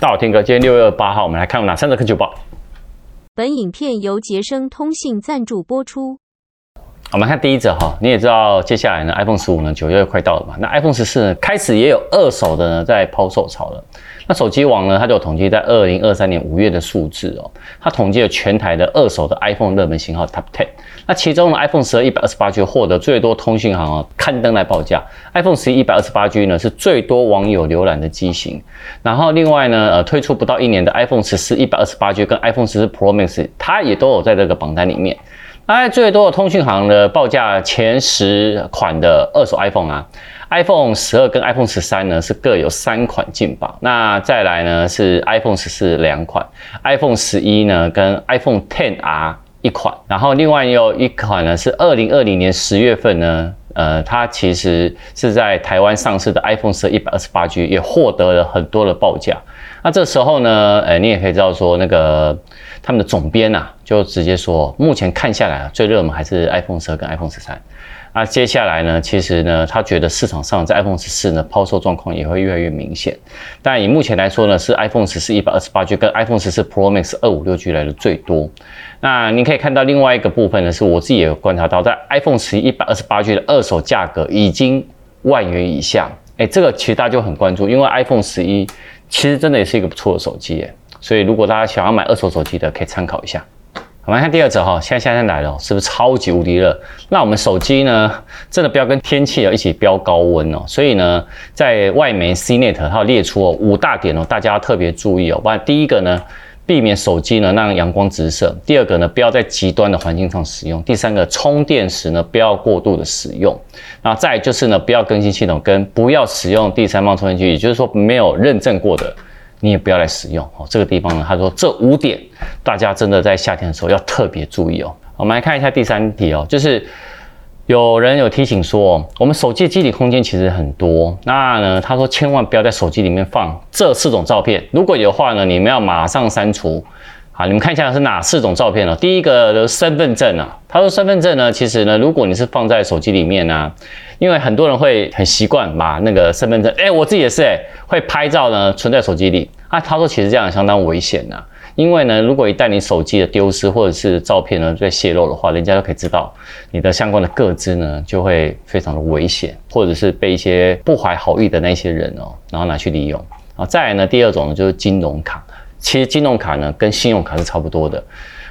大好天哥，今天六月二八號，我們來看我們哪三個科技報。本影片由傑生通信贊助播出。我們看第一則哈，你也知道，接下來呢，iPhone 十五呢，九月快到了嘛。那 iPhone 十四呢，開始也有二手的在拋售潮了。那手機網呢？它就有統計在二零二三年五月的數字哦。它統計了全台的二手的 iPhone 熱門型號 Top 10。那其中呢 iPhone 十二一百二十八 G 獲得最多通訊行啊、哦、刊登來報價。iPhone 十一一百二十八 G 呢是最多網友瀏覽的機型。然後另外呢，呃，推出不到一年的 iPhone 十四一百二十八 G 跟 iPhone 十四 Pro Max，它也都有在這個榜單裡面。賣、啊、最多的通訊行的報價前十款的二手啊 iPhone 啊，iPhone 十二跟 iPhone 十三呢是各有三款進榜，那再來呢是 iPhone 十四兩款，iPhone 十一呢跟 iPhone Ten R 一款，然後另外又一款呢是二零二零年十月份呢，呃，它其實是在台灣上市的 iPhone 十二一百二十八 G 也獲得了很多的報價，那這時候呢，呃、欸，你也可以知道說那個他們的總編啊。就直接說，目前看下來啊，最熱門還是 iPhone 十二跟 iPhone 十三。那接下來呢，其實呢，他覺得市場上在 iPhone 十四呢，拋售狀況也會越來越明顯。但以目前來說呢，是 iPhone 十四一百二十八 G 跟 iPhone 十四 Pro Max 二五六 G 來的最多。那你可以看到另外一個部分呢，是我自己也有觀察到，在 iPhone 十一一百二十八 G 的二手價格已經萬元以下。哎，這個其實大家就很關注，因為 iPhone 十一其實真的也是一個不錯的手機。哎，所以如果大家想要買二手手機的，可以參考一下。我們來看第二則哈，現在夏天來了，是不是超級無敵熱？那我們手機呢，真的不要跟天氣哦一起飆高溫哦。所以呢，在外媒 CNET 它有列出哦五大點哦，大家要特別注意哦。把第一個呢，避免手機呢讓陽光直射；第二個呢，不要在極端的環境上使用；第三個，充電時呢不要過度的使用；然後再就是呢，不要更新系統，跟不要使用第三方充電器，也就是說沒有認證過的。你也不要來使用哦。這個地方呢，他說這五點，大家真的在夏天的時候要特別注意哦。我們來看一下第三題哦，就是有人有提醒說，我們手機的記憶體空間其實很多，那呢，他說千萬不要在手機裡面放這四種照片，如果有的話呢，你們要馬上刪除。啊，你們看一下是哪四種照片了哦？第一個就是身份證啊，他說身份證呢，其實呢，如果你是放在手機裡面呢，啊，因為很多人會很習慣把那個身份證，誒、欸、我自己也是誒會拍照呢，存在手機裡。啊，他說其實這樣相當危險的，啊，因為呢，如果一旦你手機的丟失或者是照片呢被泄露的話，人家就可以知道你的相關的個資呢，就會非常的危險，或者是被一些不懷好意的那些人哦，然後拿去利用。然後再來呢，第二種就是金融卡。其實金融卡呢，跟信用卡是差不多的，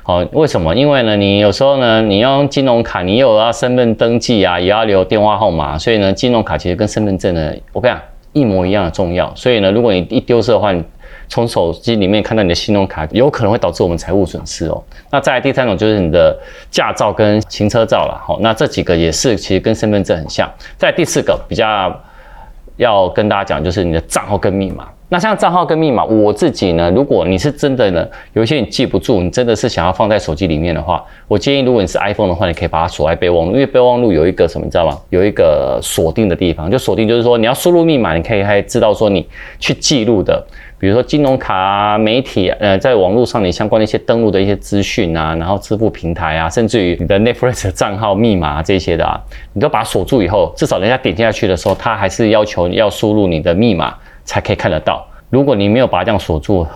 好、哦，為什麼？因為呢，你有時候呢，你要用金融卡，你又要身份登記啊，也要留電話號碼，所以呢，金融卡其實跟身份證呢，我跟你講，一模一樣的重要。所以呢，如果你一丟失的話，你從手機裡面看到你的信用卡，有可能會導致我們財務損失哦。那再來第三種就是你的駕照跟行車照了，好、哦，那這幾個也是其實跟身份證很像。再來第四個比較要跟大家講，就是你的賬號跟密碼。那像賬號跟密碼，我自己呢，如果你是真的呢，有一些你記不住，你真的是想要放在手機裡面的話，我建議，如果你是 iPhone 的話，你可以把它鎖在備忘錄，因為備忘錄有一個什麼，你知道嗎？有一個鎖定的地方，就鎖定，就是說你要輸入密碼，你可以還知道說你去記錄的，比如說金融卡啊、媒體呃，在網絡上你相關的一些登錄的一些資訊啊，然後支付平台啊，甚至於你的 Netflix 賬號密碼啊，這些的啊，你都把它鎖住以後，至少人家點進下去的時候，他還是要求要輸入你的密碼。才可以看得到。如果你沒有把它這樣鎖住，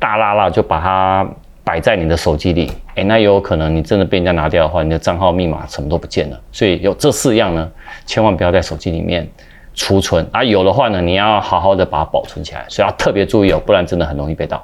大剌剌就把它擺在你的手機裡，誒、欸，那有可能你真的被人家拿掉的話，你的賬號密碼什麼都不見了。所以有這四樣呢，千萬不要在手機裡面儲存啊。有的話呢，你要好好的把它保存起來，所以要特別注意哦，不然真的很容易被盜。